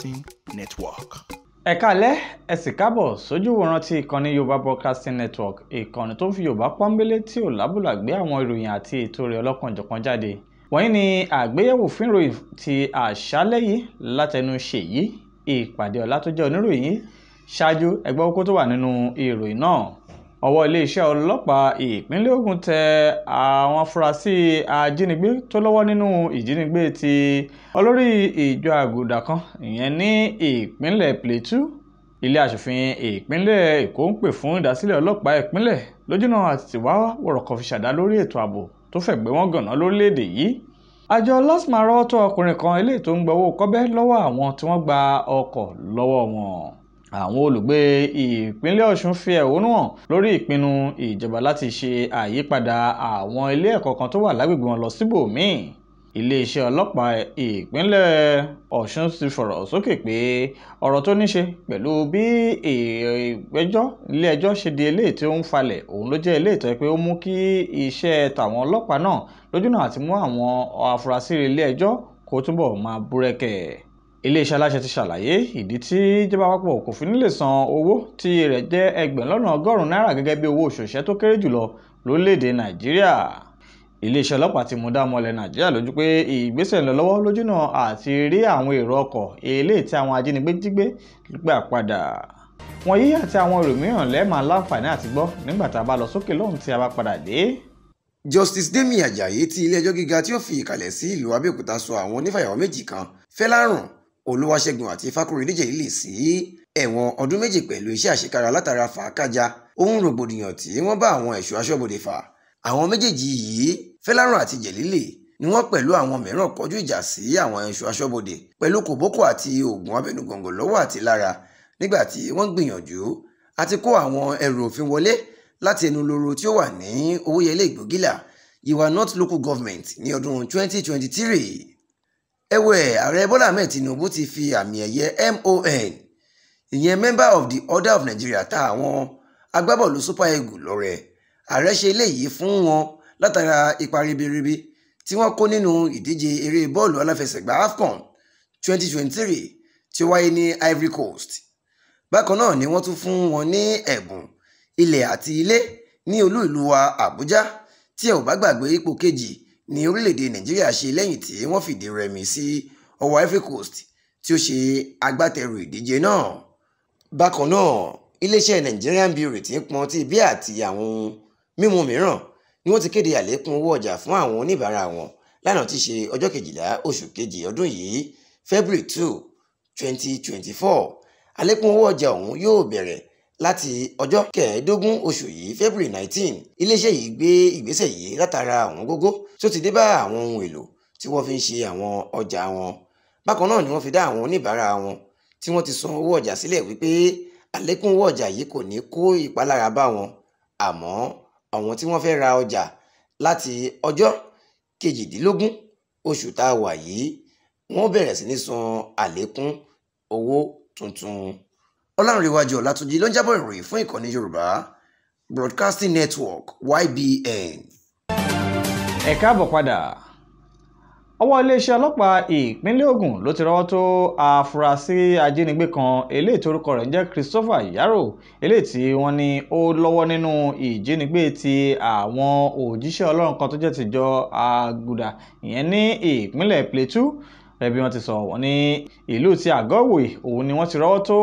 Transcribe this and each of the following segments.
Broadcasting Network. ẹ káalẹ́ ẹ sì káàbọ̀ sójú wòran ti ìkànnì Yorùbá Broadcasting Network ìkànnì tó ń fi Yorùbá pọ́nbélé tí ò lábùlà gbé àwọn ìròyìn àti ètò rẹ̀ ọlọ́kanjọ̀kan jáde wọ̀nyí ni àgbéyẹ̀wò fínròyìn ti àṣálẹ́ yìí látẹnu Ṣèyí ìpàdé ọ̀la tó jẹ́ oníròyìn ṣáájú ẹgbẹ́ oko tó wà nínú ìròyìn náà ọwọ́ iléeṣẹ́ ọlọ́pàá ìpínlẹ̀ Ògùn tẹ àwọn afurasí ajínigbé tó lọ́wọ́ nínú ìjínigbé ti olórí ìjọ àgùdà kan ìyẹn ní ìpínlẹ̀ Plateau ilé aṣòfin ìpínlẹ̀ Èkó ń pè fún ìdásílẹ̀ ọlọ́pàá ìpínlẹ̀ lójúnà àtìwá wọ̀rọ̀kọ̀ fi ṣàdá lórí ètò ààbò tó fẹ̀gbẹ́ wọn gànà lórílẹ̀‐èdè yìí àjọ LASTMA rọ́wọ́ ọkùnrin kan eléyìí tó ń gbowó kọ́bẹ́ lọ́wọ́ àwọn tí wọ́n gba ọkọ̀ lọ́wọ́ wọn àwọn olùgbé ìpínlẹ̀ ọ̀ṣun fi ẹ̀hónú hàn lórí ìpinnu ìjọba láti ṣe àyípadà àwọn ilé ẹ̀kọ́ kan tó wà lágbègbè wọn lọ síbòmíì iléeṣẹ́ ọlọ́pàá ìpínlẹ̀ ọ̀ṣun ti fọ̀rọ̀ sókè pé ọ̀rọ̀ tó ní ṣe pẹ̀lú bí ìgbẹ́jọ́ ilé-ẹjọ́ ṣe di eléyìí tí ó ń falẹ̀ òun ló jẹ́ eléyìí tó yẹ pé ó mú kí iṣẹ́ tàwọn ọlọ́pàá náà lójúnà àti mú àwọn afurasí ilé-ẹjọ́ kó túbọ̀ máa búrẹ́kẹ̀ iléeṣẹ́ aláṣẹ ti ṣàlàyé ìdí tí ìjọba àpapọ̀ kò fi ní lè san owó tí rẹ̀ jẹ́ ẹgbẹ̀rún lọ́nà ọgọ́rùn-ún náírà gẹ́gẹ́ bí owó oṣù iṣẹ́ tó kéré jùlọ lórílẹ̀‐èdè nàìjíríà iléeṣẹ́ ọlọ́pàá ti mú dámọ̀ ilẹ̀ nàìjíríà lójú pé ìgbésẹ̀ ń lọ lọ́wọ́ lójúnà àti rí àwọn èrò ọkọ̀ eléyìí tí àwọn ajínigbé jí gbé gbà padà wọ̀nyí àti àwọn èrò mìíràn lẹ́ẹ̀mà láǹfààní àti gbọ́ nígbà tá a bá lọ sókè lọ́hùn tí a bá padà dé. Justice Demi Ajayi ti ilé-ẹjọ́ gíga tí ó fi ìkàlẹ̀ sí ìlú Abẹ́òkúta sọ àwọn onífàyàwọ́ méjì kan Fẹ́lárùn Olúwaṣẹ́gun àti Fákúrò díje lílì sí ẹ̀wọ̀n ọdún méjì pẹ̀lú iṣẹ́ àṣekára látara fàákàjà ohun rògbòdìyàn tí wọ́n bá àwọn ẹ̀ṣọ́ aṣọ́bodè fà àwọn méjèèjì yìí Fẹ́láràn àti Jẹ̀lílì ni wọ́n pẹ̀lú àwọn mìíràn kọjú ìjà sí àwọn ẹ̀ṣọ́ aṣọ́bodè pẹ̀lú kòbókò àti oògùn abẹnugọ̀ngọ̀ lọ́wọ́ àti lára nígbà tí wọ́n gbìyànjú àti kó àwọn ẹrù òfin wọlé láti ẹnu lóró tí ó wà ní Owóyẹlé Ìgbògìlà Yiwa North Local Government ní ọdún 2023 ẹ̀wẹ̀ ààrẹ bọ́lá ahmed tinubu ti fi àmì ẹ̀yẹ MON ìyẹn member of the order of nigeria ta àwọn agbábọ́ọ̀lù super eagles lọ́rẹ ààrẹ ṣe eléyìí fún wọn látara ipa ribiribi tí wọ́n kó nínú ìdíje eré bọ́ọ̀lù aláfẹsẹ̀gbá afcon 2023 tí ó wáyé ní ivory coast bákan náà ni wọ́n tún fún wọn ní ẹ̀bùn ilẹ̀ àti ilé ní olú ìlú wa àbújá tí ẹ ò bá gbàgbé ipò kejì Ni orílẹ̀-èdè nàìjíríà ṣe lẹ́yìn tí wọ́n fìdí rẹmi sí ọwọ́ Ivory Coast tí ó ṣe agbátẹrù ìdíje náà bákan náà iléeṣẹ́ Nigerian Brewery tí ń pọn tí bíà àti àwọn mímu mìíràn ni wọ́n ti kéde àlékún owó ọjà fún àwọn oníbàárà wọn lánàá tí ṣe ọjọ́ kejìlá oṣù kejì ọdún yìí February two twenty twenty four àlékún owó ọjà ọ̀hún yóò bẹ̀rẹ̀ láti ọjọ́ kẹẹ̀ẹ́dógún oṣù yìí february nineteen iléeṣẹ́ yìí gbé ìgbésẹ̀ yìí látara àwọn gógó tó ti dé bá àwọn ohun èlò tí wọ́n fi ń ṣe àwọn ọjà wọn bákan náà ni wọ́n fi dá àwọn oníbàárà wọn tí wọ́n ti san owó ọjà sílẹ̀ wípé àlékún owó ọjà yìí kò ní kó ìpalára bá wọn àmọ́ àwọn tí wọ́n fẹ́ ra ọjà láti ọjọ́ kejìdínlógún oṣù tá a wà yìí wọ́n bẹ̀rẹ̀ sí ní san àlékún owó tuntun ọlárìnwájú ọlátúnjì ló ń jábọ̀ ìròyìn fún ìkànnì yorùbá broadcasting network ybn. ẹ káàbọ̀ padà ọwọ́ iléeṣẹ́ ọlọ́pàá ìpínlẹ̀ Ògùn ló ti rọ́wọ́ tó afurasí ajínigbé kan eléyìí torúkọ rẹ̀ ń jẹ́ Christopher Yaro eléyìí tí wọ́n ní ó lọ́wọ́ nínú ìjínigbé ti àwọn òjíṣẹ́ ọlọ́run kan tó jẹ́ tìjọ Àgùdà ìyẹn ní ìpínlẹ̀ Plateau rẹ́bí wọ́n ti sọ wọ́n ní ìlú ti àgọ́wì òun ni wọ́n ti rọ́wọ́ tó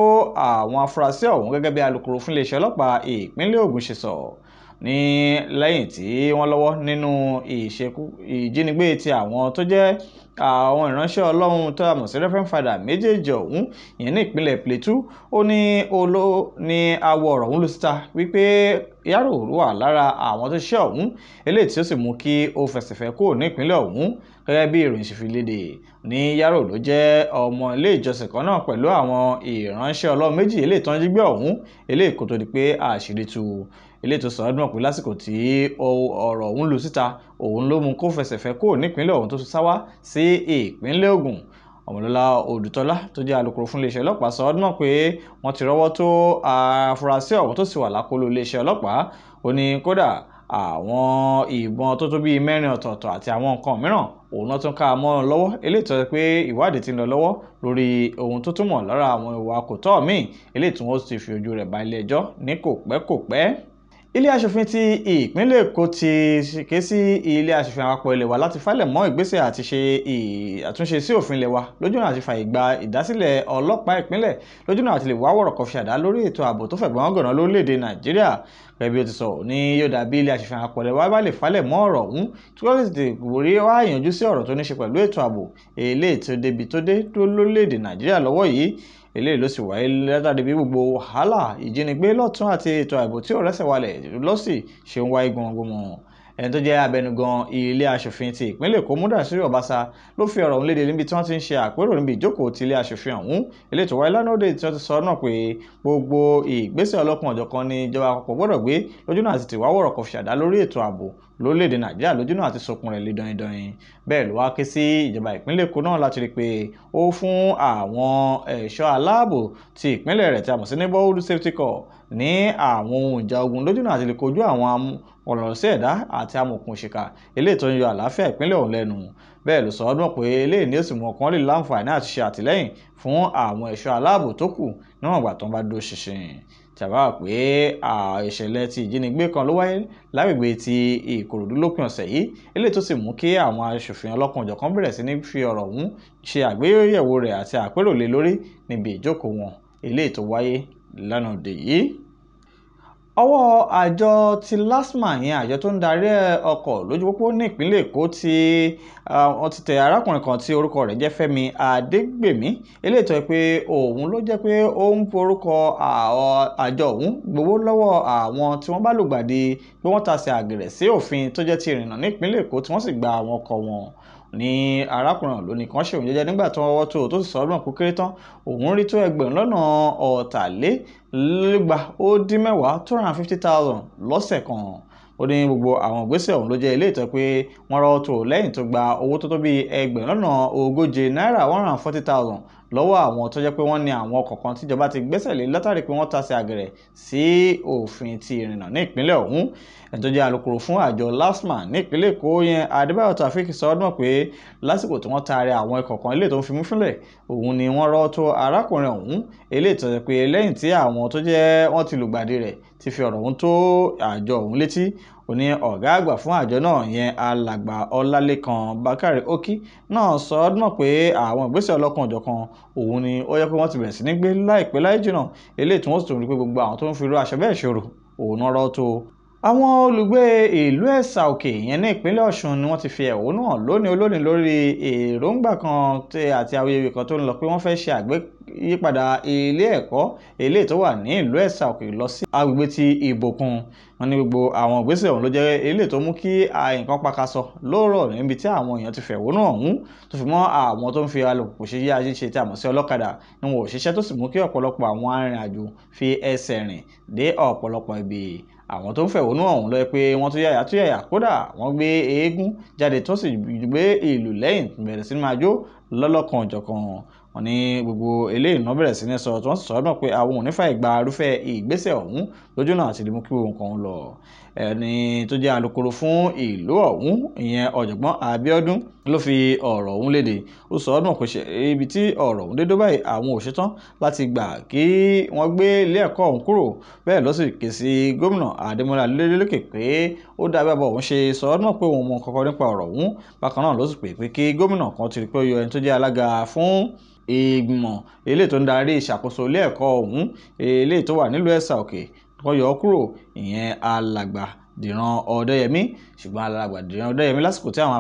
àwọn afurasí ọ̀hún gẹ́gẹ́ bí alukoro fún iléeṣẹ́ ọlọ́pàá ìpínlẹ̀ Ògùn ṣe sọ ní lẹ́yìn tí wọ́n lọ́wọ́ nínú ìjínigbé ti àwọn tó jẹ́ àwọn ìránṣẹ́ ọlọ́run tó àmọ̀ sí reverend father méjèèjì ọ̀hún ìyẹn ní ìpínlẹ̀ Plateau ó ní olo ní awọ ọ̀rọ̀ ọ̀hún ló síta wípé Yaro wà lára àwọn tó ṣiṣẹ́ ọ̀hún eléyìí tí ó sì mú kí ó fẹsẹ̀fẹ́ kúrò nípínlẹ̀ ọ̀hún gẹ́gẹ́ bí ìròyìn ṣe fi léde ní Yaro ló jẹ́ ọmọ ilé ìjọsìn kan náà pẹ̀lú àwọn ìránṣẹ́ ọlọ́run méjì eléyìí tó ń jí gbé ọ̀hún eléyìí kó tó di pé àṣírí tú eléyìí tó sọ̀rọ̀ dùn pé lásìkò tí ọ̀rọ̀ ọ̀hún lu síta òun ló mú kó fẹsẹ̀fẹ́ kúrò nípínlẹ̀ ọ̀hún tó sá sí ìpínlẹ̀ Ògùn ọmọlọ́lá òdùtọ́lá tó jẹ́ alukoro fún iléeṣẹ́ ọlọ́pàá sọ ọdún náà pé wọ́n ti rọ́wọ́ tó afurasí ọ̀hún tó sì wà lákọlò iléeṣẹ́ ọlọ́pàá ó ní kódà àwọn ìbọn tó tó bíi mẹ́rin ọ̀tọ̀ọ̀tọ̀ àti àwọn nǹkan mìíràn òun náà tún ká a mọ́ ọ lọ́wọ́ eléyìí tó ṣe pé ìwádìí ti ń lọ lọ́wọ́ lórí ohun tó túmọ̀ lára àwọn ìwà kòtọ́ míì eléyìí tí wọ́n ti fi ojú rẹ̀ bá ilé ní kò pẹ́ kò pẹ́ ilé aṣòfin ti ìpínlẹ̀ èkó ti ké sí ilé aṣòfin àpapọ̀ ilé wa láti falẹ̀ mọ́ ìgbésẹ̀ àti ṣe àtúnṣe sí òfin ilé wa lójúnà àti fàyè gba ìdásílẹ̀ ọlọ́pàá ìpínlẹ̀ lójúnà àti lè wá wọ̀rọ̀ kọfí àdá lórí ètò ààbò tó fẹ̀gbọ́n ọgọ̀nà lórílẹ̀‐èdè nàìjíríà gẹ́gẹ́ bí ó ti sọ ní yóò dàbí ilé aṣòfin àpapọ̀ ilé wa bá lè falẹ̀ mọ́ ọ̀rọ̀ ọ̀hún tí wọ́n sì ti wòrí wá ìyànjú sí ọ̀rọ̀ tó ní eléyìí ló sì wáyé látàrí bí gbogbo wàhálà ìjínigbé lọ́tún àti ètò ààbò tí ò rẹ́sẹ̀ walẹ̀ lọ́sì ṣe ń wáyé gbọmọgbọmọ ẹni tó jẹ́ abẹnugan ilé aṣòfin ti ìpínlẹ̀ èkó múdàsírí ọ̀básà ló fi ọ̀rọ̀ ọ̀hún léde níbi tí wọ́n ti ń ṣe àpérò níbi ìjókòó ti ilé aṣòfin ọ̀hún ilé ìtọ́wá ìlànà òde tí wọ́n ti sọ náà pé gbogbo ìgbésẹ̀ ọlọ́kan ọ̀jọ̀kan ni ìjọba àpapọ̀ gbọ́dọ̀ gbé lójúnà àti tìwá wọ̀rọ̀ kò ṣàdá lórí ètò ààbò lórílẹ̀‐èdè nàìjíríà lójúnà àti sokun rẹ̀ lé dọ̀yìndọ̀yìn bẹ́ẹ̀ ló wá ké sí ìjọba ìpínlẹ̀ èkó náà láti rí i pé ó fún àwọn ẹ̀ṣọ́ aláàbò ti ìpínlẹ̀ rẹ̀ tí a mọ̀ sí neighborhood safety corps ní àwọn ohun ìjà ogun lójúnà àti lè kojú àwọn ọ̀ràn sí ẹ̀dá àti amòòkùnṣìkà eléyìí tó ń yọ àlàáfíà ìpínlẹ̀ ọ̀hún lẹ́nu bẹ́ẹ̀ ló sọ ọ́ dùn pé eléyìí ní ó sì mú ọkàn lè láǹfààní àti ṣe àtìlẹ́yìn fún àwọn ẹ̀ṣọ́ aláàbò tó kù níwọ̀n ìgbà tó ń bá dúró ṣinṣin tàbá pé ìṣẹ̀lẹ̀ ti ìjínigbé kan ló wáyé lágbègbè ti ìkòròdú lópin ọ̀sẹ̀ yìí eléyìí tó sì mú kí àwọn aṣòfin ọlọ́kan òjọ̀kan bẹ̀rẹ̀ sí ní fi ọ̀rọ̀ ọ̀hún ṣe àgbéyẹ̀wò rẹ̀ àti àpérò lé lórí níbi ìjókòó wọn eléyìí tó wáyé lánàá òde yìí ọwọ́ àjọ ti LASTMA yẹn àjọ tó ń darí ọkọ̀ lójú pópó ní ìpínlẹ̀ Èkó ti wọ́n ti tẹ arákùnrin kan tí orúkọ rẹ̀ jẹ́ Fẹ́mi Adégbèmí eléyìí tó yẹ pé òun ló jẹ́ pé ó ń forúkọ àjọ òun gbowó lọ́wọ́ àwọn tí wọ́n bá lùgbàdì pé wọ́n tasẹ̀ àgẹ̀rẹ̀ sí òfin tó jẹ́ ti ìrìnnà ní ìpínlẹ̀ Èkó tí wọ́n sì gba àwọn ọkọ̀ wọn ní arákùnrin lónìí kan ṣòun jẹ́jẹ́ nígbà tó ọwọ́ tó tó sì sọ ọdún kúkéré tán òun rí tó ẹgbẹ̀rún lọ́nà ọ̀tàlélẹ́gbà ó dín mẹ́wàá two hundred and fifty thousand lọ́sẹ̀ kan ó ní gbogbo àwọn ìgbésẹ̀ ọ̀hún ló jẹ́ ilé ìtọ́ pé wọ́n rọ́ tó lẹ́yìn tó gba owó tó tó bíi ẹgbẹ̀rún lọ́nà ogóje náírà one hundred and forty thousand lọ́wọ́ àwọn tó jẹ́ pé wọ́n ní àwọn ọkọ̀ kan tíjọba ti gbẹ́sẹ̀ lé látàrí pé wọ́n tasẹ̀ àgẹ̀rẹ̀ sí òfin ti ìrìnnà ní ìpínlẹ̀ ọ̀hún ẹni tó jẹ́ alukoro fún àjọ LASTMA ní ìpínlẹ̀ Èkó yẹn Adébáyọ̀ Taofeek sọ ọdún pé lásìkò tí wọ́n taari àwọn ikọ̀ kan ilé tó ń fimú fúnlẹ̀ òun ni wọ́n rọ́ tó arákùnrin ọ̀hún eléyìí tó jẹ́ pé lẹ́yìn tí àwọn tó jẹ́ wọ́n ti lùgbàdì rẹ̀ ti fi ọ̀rọ̀ ọ̀hún tó àjọ ọ̀hún létí ó ní ọ̀gá àgbà fún àjọ náà yẹn alàgbà ọlálékan bákàrẹ òkì náà sọ ọ́ náà pé àwọn ìgbésẹ̀ ọlọ́kan òjọ̀kan òun ni ó yẹ pé wọ́n ti bẹ̀rẹ̀ sí ní gbé láìpẹ́ láì eléyìí tí wọ́n sì tún rí pé gbogbo àwọn tó ń fi irú bẹ́ẹ̀ ṣòro òun náà rọ́ tó àwọn olùgbé ìlú ẹ̀sà-òkè ìyẹn ní ìpínlẹ̀ ọ̀ṣun ni wọ́n ti fi ẹ̀hónú hàn lónìí olónìí lórí èròǹgbà kan àti awuyewuye kan tó ń lọ pé wọ́n fẹ́ ṣe àgbéyípadà ilé ẹ̀kọ́ eléyìí tó wà ní ìlú ẹ̀sà-òkè lọ sí agbègbè ti ìbòkun wọn ní gbogbo àwọn ìgbésẹ̀ ọ̀hún ló jẹ́ eléyìí tó mú kí nǹkan pakasọ lóòrọ̀ níbi tí àwọn èèyàn ti fẹ̀hónú ọ̀hún tó fi mọ́ àwọn tó ń fi alùpùpù ṣe yí ajé ṣe tí a mọ̀ sí ọlọ́kadà ni wọn tó sì mú kí ọ̀pọ̀lọpọ̀ àwọn arìnrìn-àjò fi ẹsẹ̀ rìn dé ọ̀pọ̀lọpọ̀ ibi àwọn tó ń fẹ̀hónú ọ̀hún lọ pé wọ́n tún yàyà tún yàyà kódà wọ́n gbé eégún jáde tó sì gbé ìlú lẹ́yìn bẹ̀rẹ̀ sí máa jó lọ́lọ́kan ọ̀jọ̀kan wọ́n ní gbogbo eléyìí náà bẹ̀rẹ̀ sí ní sọ tí wọ́n sọ náà pé àwọn ò ní fàyè gba irúfẹ́ ìgbésẹ̀ ọ̀hún lójú náà àti lè mú kí ohun kan lọ ẹni tó jẹ́ alukoro fún ìlú ọ̀hún ìyẹn ọ̀jọ̀gbọ́n Abíọ́dún ló fi ọ̀rọ̀ ọ̀hún léde ó sọ ọdún kò ṣe ibi tí ọ̀rọ̀ ọ̀hún dédó báyìí àwọn ò ṣetán láti gbà kí wọ́n gbé ilé ẹ̀kọ́ ọ̀hún kúrò bẹ́ẹ̀ ló sì ké sí gómìnà Adémọ́lá Adeleke pé ó dábẹ́ bọ̀ òun ṣe sọ ọdún pé òun mọ kankan nípa ọ̀rọ̀ ọ̀hún bákan náà ló sì pè pé kí gómìnà kan ti rí pé ó yọ ẹni tó jẹ́ alága fún ìgbìmọ̀ eléyìí tó ń darí ìṣàkóso ilé ẹ̀kọ́ ọ̀hún eléyìí tó wà nílùú Ẹ̀sà Òkè wọ́n yọ ọ́ kúrò ìyẹn alàgbà dìran ọ̀dẹ́yẹmí ṣùgbọ́n alàgbà dìran ọ̀dẹ́yẹmí lásìkò tí àwọn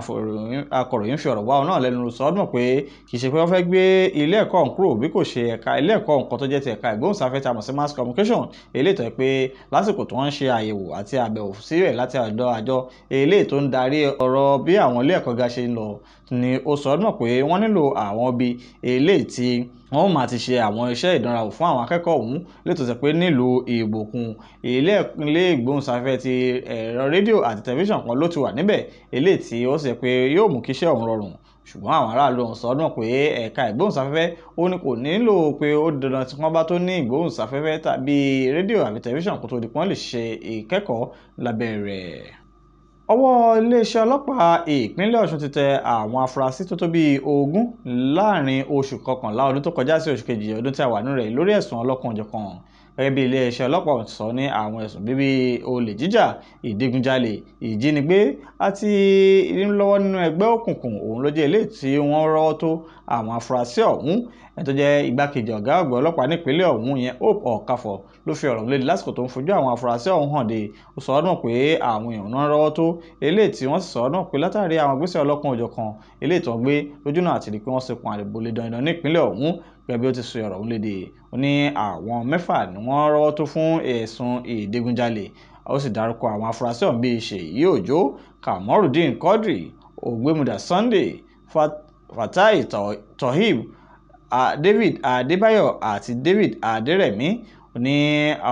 akọ̀ròyìn fi ọ̀rọ̀ wá ọ̀nà lẹ́nu sọ ọdún pé kì í ṣe pé wọ́n fẹ́ gbé ilé ẹ̀kọ́ ọ̀hún kúrò bí kò ṣe ẹ̀ka ilé ẹ̀kọ́ nǹkan tó jẹ́ ti ẹ̀ka ìgbóhùnsáfẹ́ tí a mọ̀ sí mass communication eléyìí tó yẹ pé lásìkò tó ń ṣe àyẹ̀wò àti àbẹ̀wò síbẹ̀ láti ọ̀dọ̀ àjọ eléyìí tó ń darí ọ̀rọ̀ bí àwọn ilé ẹ̀kọ́ ga ṣe ń lọ ni ó sọ ọ́ mọ̀ pé wọ́n nílò àwọn ibi eléyìí tí wọ́n ó máa ti ṣe àwọn iṣẹ́ ìdánrawò fún àwọn akẹ́kọ̀ọ́ ọ̀hún létòsí pé nílùú ìbòkun ilé ìgbóhùnsáfẹ́ ti ẹ̀rọ rédíò àti tẹlifíṣàn kan ló ti wà níbẹ̀ eléyìí tí ó ṣe pé yóò mú kíṣẹ́ ọ̀hún rọrùn ṣùgbọ́n àwọn aráàlú ọ̀hún sọ náà pé ẹ̀ka ìgbóhùnsáfẹ́fẹ́ ó ní kò nílò pé ó dandan tí wọ́n bá tó ní ìgbóhùnsáfẹ́fẹ́ tàbí rédíò àbí tẹlifíṣàn kó tó di pọ́n lè ṣe ìkẹ́kọ̀ọ́ lábẹ́ rẹ̀ ọwọ́ iléeṣẹ́ ọlọ́pàá ìpínlẹ̀ ọ̀ṣun ti tẹ àwọn afurasí tó tó bíi ogún láàrin oṣù kọkànlá ọdún tó kọjá sí oṣù kejì ọdún tí a wà nínú rẹ̀ lórí ẹ̀sùn ọlọ́kan ò gẹ́gẹ́ bí iléeṣẹ́ ọlọ́pàá sọ ní àwọn ẹ̀sùn bíbí olè jíjà ìdígunjalè ìjínigbé àti ìrìnlọ́wọ́ nínú ẹgbẹ́ òkùnkùn òun ló jẹ́ eléyìí tí wọ́n rọ́wọ́ tó àwọn afurasí ọ̀hún ẹni tó jẹ́ igbákejì ọ̀gá àgbà ọlọ́pàá nípínlẹ̀ ọ̀hún yẹn Hope Ọ̀kàfọ̀ ló fi ọ̀rọ̀ léde lásìkò tó ń fojú àwọn afurasí ọ̀hún hàn dé ó sọ ọdún pé àwọn èèyàn náà rọ́wọ́ tó eléyìí tí wọ́n sì sọ ọdún pé látàrí àwọn gbèsè ọlọ́kan òjọ̀kan eléyìí tó ń gbé lójúnà àti rí pé wọ́n ṣe kun àdìbò lè dandan nípínlẹ̀ ọ̀hún gẹ́gẹ́ bí ó ti sọ ọ̀rọ̀ òun léde ó ní àwọn mẹ́fà ni wọ́n rọ́wọ́ tó fún ẹ̀sùn ìdígunjalè ó sì dárúkọ àwọn afurasí ọ̀hún bíi ṣèyí òjó kamorudeen quadri ògbémúdà sunday fatai tohib david adébáyọ̀ àti david adérẹ̀mí ní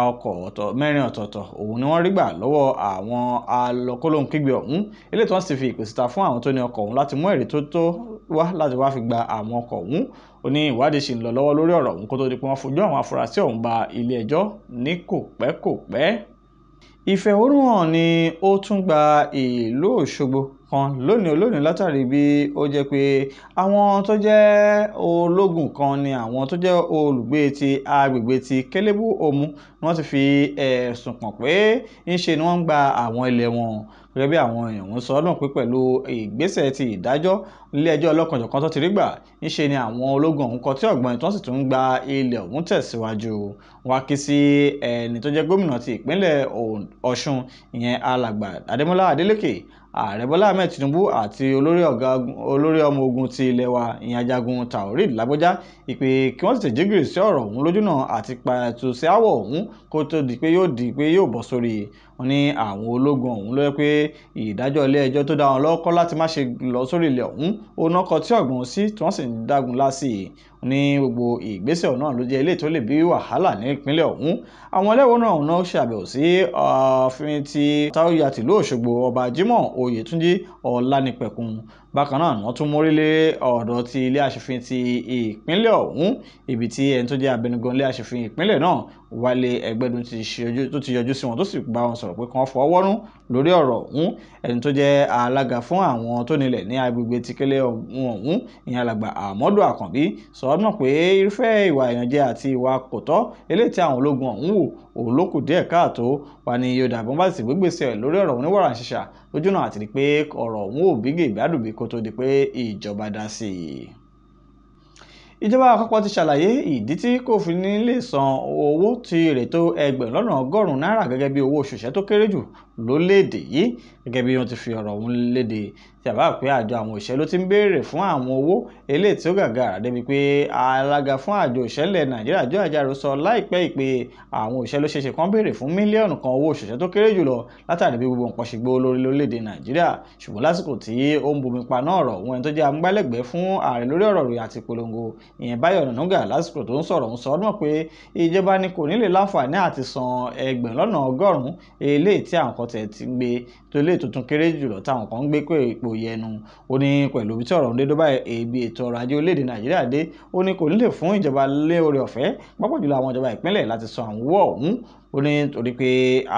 ọkọ̀ ọ̀tọ̀ mẹ́rin ọ̀tọ̀ọ̀tọ̀ òun ni wọ́n rí gbà lọ́wọ́ àwọn alọ́kọ́lóhunkígbe ọ̀hún eléyìí tí wọ́n sì fi ìpèsè ta fún àwọn tó ní ọkọ̀ ọ̀hún láti mú ẹ̀rí tó tó wá láti wá fi gba àwọn ọkọ̀ ọ̀hún ó ní ìwádìí ṣì ń lọ lọ́wọ́ lórí ọ̀rọ̀ ọ̀hún kó tó di pé wọ́n fojú àwọn afurasí ọ̀hún ba ilé ẹjọ́ ní kò pẹ́ kò pẹ́ ìfẹ̀hónúhàn ni ó tún gba ìlú Òṣogbo kan lónìí olónìí látàrí bí ó jẹ́ pé àwọn tó jẹ́ ológun kan ni àwọn tó jẹ́ olùgbé ti agbègbè ti kélébù òmu ni wọ́n ti fi ẹ̀sùn kàn pé ńṣe ni wọ́n ń gba àwọn ilẹ̀ wọn gẹ́gẹ́ bí àwọn èèyàn ń sọ ọlọ́run pé pẹ̀lú ìgbésẹ̀ ti ìdájọ́ ilé-ẹjọ́ tó ti rí gbà ńṣe ni àwọn ológun ọ̀hún kọtí ọ̀gbọ́n ìtàn sì tún ń gba ilẹ̀ ọ̀hún tẹ̀síwájú wá kí sí ẹni tó jẹ́ gómìnà ti ìpínlẹ̀ Ọ̀ṣun ìyẹn alàgbà Adémọ́lá Adélékè ààrẹ bọ́lá ahmed tinubu àti olórí ọmọ ogun ti ilẹ̀ wa ìyẹn ajagun taoreed lágbọ́já ìpè kí wọ́n tètè jégìrì sí ọ̀rọ̀ ọ̀hún lójúnà àti pàtó sí aáwọ̀ ọ̀hún kó tó di pé yóò di pé yóò bọ́ sórí wọ́n ní àwọn ológun ọ̀hún ló yẹ pé ìdájọ́ ilé tó dá wọn lọ́kọ́ láti má ṣe lọ sórí ilẹ̀ ọ̀hún òun tí ọ̀gbọ̀n sí tí wọ́n sì ń dágun lásì ní gbogbo ìgbésẹ̀ náà ló jẹ́ ilé tó lè bí wàhálà ní ìpínlẹ̀ àwọn ẹlẹ́wọ̀n náà náà ṣàbẹ̀wò sí ọ̀fin ti táwọ̀yà tìlú Òṣogbo ọba Jimoh Oyètúnjí Ọlánípẹ̀kun bákan náà wọ́n tún mórí lé ọ̀dọ̀ ti ilé aṣòfin ti ìpínlẹ̀ ọ̀hún ibi tí ẹni tó jẹ́ abẹnugan ilé aṣòfin ìpínlẹ̀ náà Wálé Ẹgbẹ́dun tó ti yọjú sí wọn tó sì bá wọn sọ̀rọ̀ pé kí wọ́n fọwọ́ rún lórí ọ̀rọ̀ ọ̀hún ẹni tó jẹ́ alága fún àwọn tó nílẹ̀ ní agbègbè tíkẹ́lẹ̀ ọ̀hún ìyẹn alàgbà Ahmadu Àkànbí sọ ọ́ náà pé irúfẹ́ ìwà ìyànjẹ àti ìwà kòtọ́ eléyìí tí àwọn ológun ọ̀hún wò òun ló kù díẹ̀ káàtó wà ní iye ọ̀dà àbọ̀n bá sì gbégbèsè lórí ọ̀rọ̀ oníwàrà ṣíṣà lójúnà àti rí pé ọ̀rọ̀ òun ò bígè ìgbádùnbí kó tó di pé ìjọba dá sí i ìjọba àpapọ̀ ti ṣàlàyé ìdí tí kò fi ní lè san owó ti rètò ẹgbẹ̀rún lọ́nà ọgọ́rùn-ún náírà gẹ́gẹ́ bí owó òṣìṣẹ́ lólédè yìí gẹ́gẹ́ bí wọ́n ti fi ọ̀rọ̀ ọ̀hún léde tí a bá pé àjọ àwọn òṣèlú ti ń béèrè fún àwọn owó eléyìí tí ó gàgàrà débi pé alága fún àjọ òṣèlú nàìjíríà Joe Ajaero sọ láìpẹ́ ìpè àwọn òṣèlú ṣeṣe kan béèrè fún mílíọ̀nù kan owó òṣìṣẹ́ tó kéré jùlọ látàrí bí gbogbo nǹkan ṣe gbówó lórí lórílẹ̀‐èdè nàìjíríà ṣùgbọ́n lásìkò tí ó ń bomi paná ọ̀rọ̀ òun ẹni tó jẹ́ amúgbálẹ́gbẹ̀ẹ́ fún ààrẹ lórí ọ̀rọ̀ rẹ̀ àti ìpolongo kan tiẹ̀ ti gbé tó ilé tuntun kéré jùlọ táwọn kan ń gbé pé ipò yẹnu ó ní pẹ̀lú bí tí ọ̀rọ̀ ń dé dó báyìí ètò ọrọ̀ ajé orílẹ̀-èdè nàìjíríà dé ó ní kò ní fún ìjọba lé oore ọ̀fẹ́ pápá jùlọ àwọn ìjọba ìpínlẹ̀ láti san àwọn owó ọ̀hún ó ní torí pé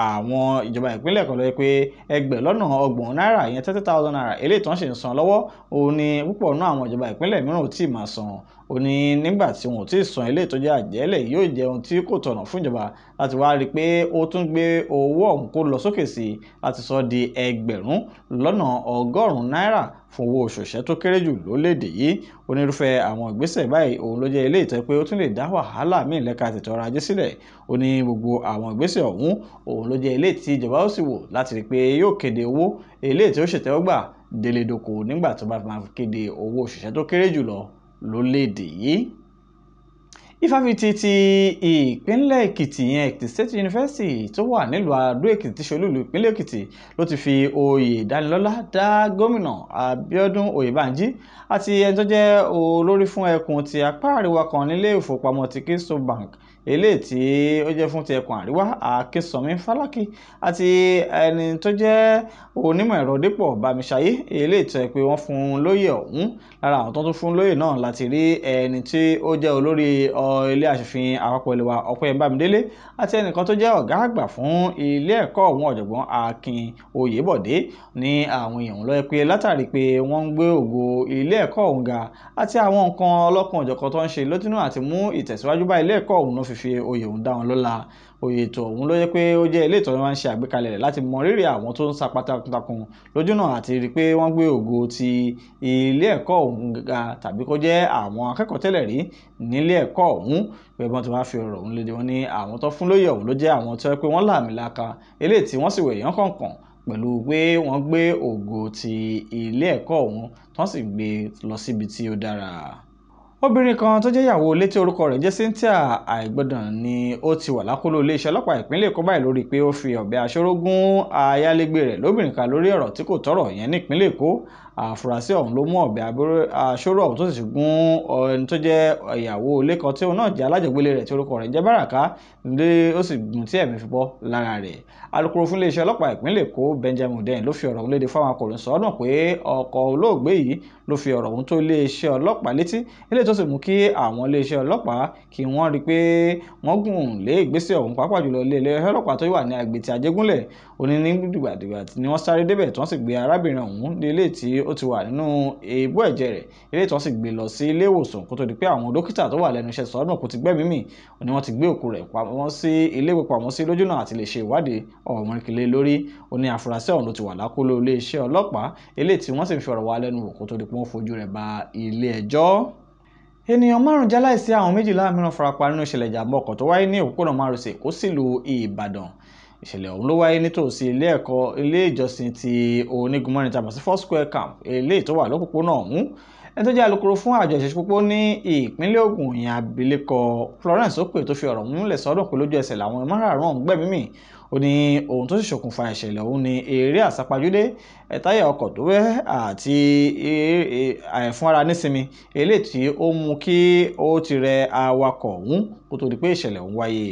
àwọn ìjọba ìpínlẹ̀ kan ló pé ẹgbẹ̀ lọ́nà ọgbọ̀n náírà ìyẹn thirty thousand naira eléyìí tí wọ́n ń san lọ́wọ́ ó ní púpọ̀ náà àwọn ìjọba ìpínlẹ̀ mìíràn ò tí ì máa san ó ní nígbà tí wọn ò tí ì san ilé tó jẹ́ àjẹ́lẹ̀ yóò jẹ́ ohun tí kò tọ̀nà fún ìjọba láti wá rí i pé ó tún gbé owó ọ̀hún kó lọ sókè sí i láti sọ di ẹgbẹ̀rún lọ́nà ọgọ́rùn-ún náírà fún owó òṣìṣẹ́ tó kéré jù lólédè yìí onírúfẹ́ àwọn ìgbésẹ̀ báyìí òun ló jẹ́ ilé ìtọ́ pé ó tún lè dá wàhálà míì lẹ́ka tètè ọrọ̀ ajé sílẹ̀ ó ní gbogbo àwọn ìgbésẹ̀ ọ̀hún òun ló jẹ́ ilé tí ìjọba ó sì wò láti rí pé yóò kéde owó ilé tí ó ṣètẹ́wọ́gbà délédoko nígbà tó bá fi máa kéde owó òṣìṣẹ́ tó kéré jù lọ lórílẹ̀‐èdè yìí ìfáfitì ti ìpínlẹ̀ èkìtì yẹn èkìtì state university tó wà nílùú àdó èkìtì tí ṣolúlu ìpínlẹ̀ èkìtì ló ti fi oyè ìdánilọ́lá dá gómìnà abíọ́dún oyèbánjí àti ẹni tó jẹ́ olórí fún ẹkùn ti apá àríwá kan nílé ìfowópamọ́ ti keystone bank eléyìí tí ó jẹ́ fún ti ẹkùn àríwá akínsanmi fálákì àti ẹni tó jẹ́ onímọ̀ ẹ̀rọ dípọ̀ bámiṣayé eléyìí tó yẹ pé wọ́n fún un lóyè ọ̀hún lára àwọn tó tún fún lóyè náà láti rí ẹni tí ó jẹ́ olórí ilé aṣòfin àpapọ̀ ilé wa ọ̀pẹ́yẹmí bámidélé àti ẹnìkan tó jẹ́ ọ̀gá àgbà fún ilé ẹ̀kọ́ ọ̀hún ọ̀jọ̀gbọ́n akin oyèbọ̀dé ní àwọn èèyàn ló yẹ pé látàrí pé wọ́n ń gbé ògo ilé ẹ̀kọ́ ọ̀hún ga àti àwọn nǹkan ọlọ́kan òjọ̀kan tó ń ṣe lójúnà àti mú ìtẹ̀síwájú bá ilé ẹ̀kọ́ ọ̀hún ló fi fi oyè ọ̀hún dá wọn lọ́lá oyè ètò ọ̀hún ló jẹ́ pé ó jẹ́ ilé ìtọ́jú máa ń ṣe àgbékalẹ̀ rẹ̀ láti mọ rírì àwọn tó ń sapá takuntakun lójúnà àti rí i pé wọ́n gbé ògo ti ilé ẹ̀kọ́ ọ̀hún ga tàbí kó jẹ́ àwọn akẹ́kọ̀ọ́ tẹ́lẹ̀ rí nílé ẹ̀kọ́ ọ̀hún gbẹ̀gbọ́n tí wọ́n fi ọ̀rọ̀ ọ̀hún léde wọn ní àwọn tó fún lóyè ọ̀hún ló jẹ́ àwọn tó yẹ pé wọ́n làmìlaka eléyìí tí wọ́n sì wẹ̀yán kọ̀ọ̀kan pẹ̀lú pé wọ́n gbé ògo ti ilé ẹ̀kọ́ ọ̀hún tó sì gbé lọ síbi tí ó dára obìnrin kan tó jẹ́ ìyàwó ilé tí orúkọ rẹ̀ jẹ́ Cynthia àìgbọ́dàn ni ó ti wà lákòlò iléeṣẹ́ ọlọ́pàá ìpínlẹ̀ Èkó báyìí lórí pé ó fi ọ̀bẹ aṣọ́rọ́ gún ayálégbé rẹ̀ lóbìnrin kan lórí ọ̀rọ̀ tí kò tọ̀rọ̀ yẹn nípínlẹ̀ Èkó àfúrásì ọ̀hún ló mú ọ̀bẹ aṣọ́rọ̀ ọ̀hún tó sì gún ẹni tó jẹ́ ìyàwó ilé kan tí òun náà jẹ́ alájọgbélé rẹ̀ tí orúkọ rẹ̀ ń jẹ́ Báràká lé ó sì gùn tí ẹ̀mí fi bọ́ lára rẹ̀ alukoro fún iléeṣẹ́ ọlọ́pàá ìpínlẹ̀ Èkó Benjamin Hundeyin ló fi ọ̀rọ̀ ọ̀hún léde fáwọn akọ̀ròyìn sọ ọ́nà pé ọkọ̀ olóògbé yìí ló fi ọ̀rọ̀ ọ̀hún tó iléeṣẹ́ ọlọ́pàá létí eléyìí tó sì mú kí àwọn iléeṣẹ́ ọlọ́pàá kí wọ́n rí i pé wọ́n gùn lé ìgbésẹ̀ ọ̀hún pàápàá jùlọ iléeṣẹ́ ọlọ́pàá tó wà ní agbètì Àjẹgúnlẹ̀ onínígbàdìgbà ni wọ́n sáré débẹ̀ tí wọ́n sì gbé arábìnrin ọ̀hún ní ilé tí ó ti wà nínú èébú ẹ̀jẹ̀ rẹ̀ ilé tí wọ́n sì gbé lọ sí ilé ìwòsàn kó tó di pé àwọn dókítà tó wà lẹ́nu iṣẹ́ sọ́dún kò ti gbẹ́mìí mì ni wọ́n ti gbé òkú rẹ̀ pamọ́ sí ilé ìwé pamọ́ sí lójúnà àti lè ṣe ìwádìí ọ̀mọ̀rìnkìlẹ̀ lórí ó ní àfúrásì ọ̀hún ló ti wà lákòóló iléeṣẹ́ ọlọ́pàá eléyìí tí wọ́n sì fi ọ̀rọ̀ wá lẹ́nu wò kó tó di pé wọ́n fojú rẹ̀ ba ilé ẹjọ́ ènìyàn márùn-ún jáláìsí àwọn méjìlá mìíràn farapa nínú ìṣẹ̀lẹ̀ ìjàmbá ọkọ̀ tó wáyé ní òpópónà márosẹ̀ Èkó sílùú Ìbàdàn ìṣẹ̀lẹ̀ ọ̀hún ló wáyé nítòsí ilé ẹ̀kọ́ ilé ìjọsìn ti onígun mọ́rin tàbí sí four square camp eléyìí tó wà lópòpónà ọ̀hún ẹni tó jẹ́ alukoro fún àjọ ìṣẹ́sípòpó ní ìpínlẹ̀ Ògùn ìyẹn abilékọ Florence Ope tó fi ọ̀rọ̀ múlẹ̀ sọ́dún pé lójú ẹsẹ̀ làwọn márààrún ọ̀hún gbẹ̀mí mì ó ní ohun tó sì ṣokùnfà ìṣẹ̀lẹ̀ ọ̀hún ni eré àsápajúdé ẹ̀táyà ọkọ̀ tó wẹ́ àti àìfúnra nísinmi eléyìí tí ó mú kí ó ti rẹ awakọ̀ ọ̀hún kó tó di pé ìṣẹ̀lẹ̀ ọ̀hún wáyé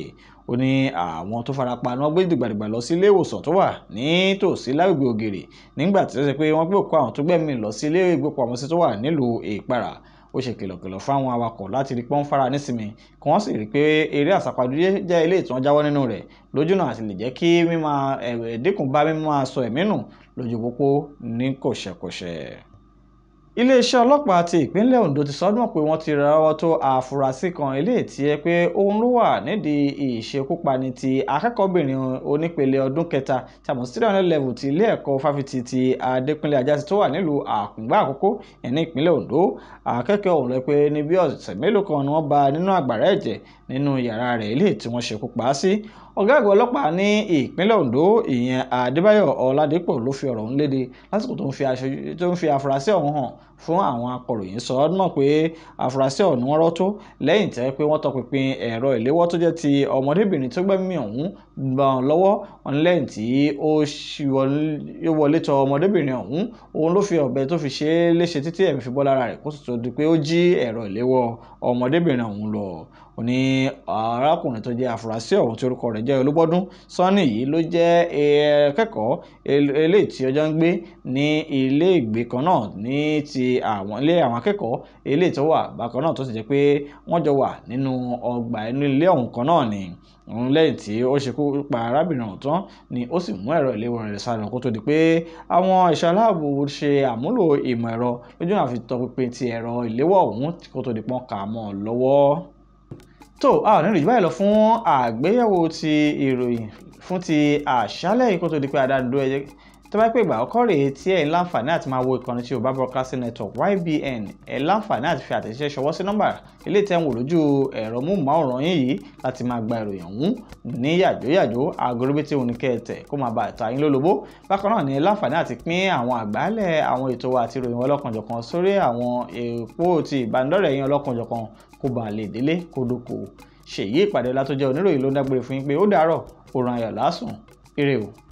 ó ní àwọn tó fara pa ni gbé dìgbàdìgbà lọ sí ilé ìwòsàn tó wà nítòsí lágbègbè ògèrè nígbà tí ó ṣe pé wọ́n gbé òkú àwọn tó gbẹ̀mí lọ sí ilé ìgbókùamọ́sí tó wà nílùú ìpara ó ṣe kìlọ̀kìlọ̀ fáwọn awakọ̀ láti rí pọ́n fara nísinmi kí wọ́n sì rí pé eré àsápajúdé jẹ́ ilé ìtàn jáwọ́ nínú rẹ̀ lójúnà àti lè jẹ́ kí mímọ ẹ̀dínkù bá mímọ aṣọ ẹ̀mí nù lójú pópó ní kòṣẹ̀kòṣẹ̀ iléeṣẹ́ ọlọ́pàá ti ìpínlẹ̀ Ondo ti sọdún pé wọ́n ti rawọ́ tó àfúrásì kan eléyìí tí ẹ pé òun ló wà nídìí ìṣekúpani ti akẹ́kọ̀ọ́bìnrin onípele ọdún kẹta tàbí student level ti ilé ẹ̀kọ́ fáfitì ti Adépínlé Ajásí tó wà nílùú Àkùngbá Àkókó ní ìpínlẹ̀ Ondo akẹ́kọ̀ọ́ ọ̀hún lọ pé ní bí ọ̀sẹ̀ mélòó kan ni wọ́n bá nínú àgbàrá ẹ̀jẹ̀ nínú yàrá rẹ̀ eléyìí tí wọ́n ṣekúpa sí ọ̀gá àgbà ọlọ́pàá ní ìpínlẹ̀ Ondo ìyẹn Adébáyọ̀ Ọládépọ̀ ló fi ọ̀rọ̀ ọ̀hún léde lásìkò tó ń fi afurasí ọ̀hún hàn fún àwọn akọ̀ròyìn sọ ọ́ náà pé afurasí ọ̀hún wọ́n rọ́tó lẹ́yìn tẹ́ pé wọ́n tọpinpin ẹ̀rọ ìléwọ́ tó jẹ́ ti ọmọdébìnrin tó gbẹ́mí ọ̀hún gbọ̀n lọ́wọ́ wọn lẹ́yìn tí ó wọlé tọ ọmọdébìnrin ọ̀hún òun ló fi ọ̀bẹ tó fi ṣe é léṣe títí ẹ̀mí fi bọ́ lára rẹ̀ kó sì tó di pé ó jí ẹ̀rọ ìléwọ́ ọmọdébìnrin ọ̀hún lọ ó ní arákùnrin tó jẹ́ àfúrásì ọ̀hún tí orúkọ rẹ̀ jẹ́ olúbọ́dún sanni yìí ló jẹ́ e, akẹ́kọ̀ọ́ eléyìí tí ọjọ́ ń gbé ní ilé ìgbé kan náà ní ti àwọn ilé àwọn akẹ́kọ̀ọ́ eléyìí tó wà bákan náà tó sì jẹ́ pé wọ́n jọ wà nínú ọgbà inú ilé ọ̀hún kan náà ni òun lẹ́yìn tí ó ṣekú pa arábìnrin ọ̀hún tán ni ó sì mú ẹ̀rọ ìléwọ́ rẹ̀ sálọ kó tó di pé àwọn ẹ̀ṣọ́ aláàbò ṣe àmúlò ìmọ̀ ẹ̀rọ lójú àfi ti ẹ̀rọ ìléwọ́ ọ̀hún kó tó di pọ́n kà á mọ́ lọ́wọ́ tó a ò ní lè jù báyìí lọ fún àgbéyẹ̀wò ti ìròyìn fún ti àṣálẹ̀ yìí kó tó di pé adáàdúró ẹ̀jẹ̀ tó bá pè gbà ọkọ rèé tí ẹ láǹfààní àti máa wo ìkànnì tí Yorùbá Broadcasting Network YBN ẹ láǹfààní àti fi àtẹ̀jíṣẹ́ ṣọwọ́ sí nọ́mbà ilé tẹ́ ń wò lójú ẹ̀rọ móhùnmáwòrán yín yìí láti máa gba ìròyìn ọ̀hún ní yàjóyàjó agorobi tí òun kẹ́ ẹ tẹ̀ kó máa bá ẹ̀tọ́ ayín lólobó bákan náà ní ẹ láǹfààní àti pín àwọn àgbálẹ̀ àwọn ètò wa àti ìròyìn ọlọ́kanjọ̀kan sórí àwọn èèpo ti ìbánidọ́rẹ̀ẹ́ yín ọlọ́kanjọ̀kan kó bá lè délé kó dóko Ṣèyí Ìpàdé Ọlá tó jẹ́ oníròyìn ló ń dágbére fún yín pé ó dàárọ̀ òòrùn ayọ̀ lásùn ire o.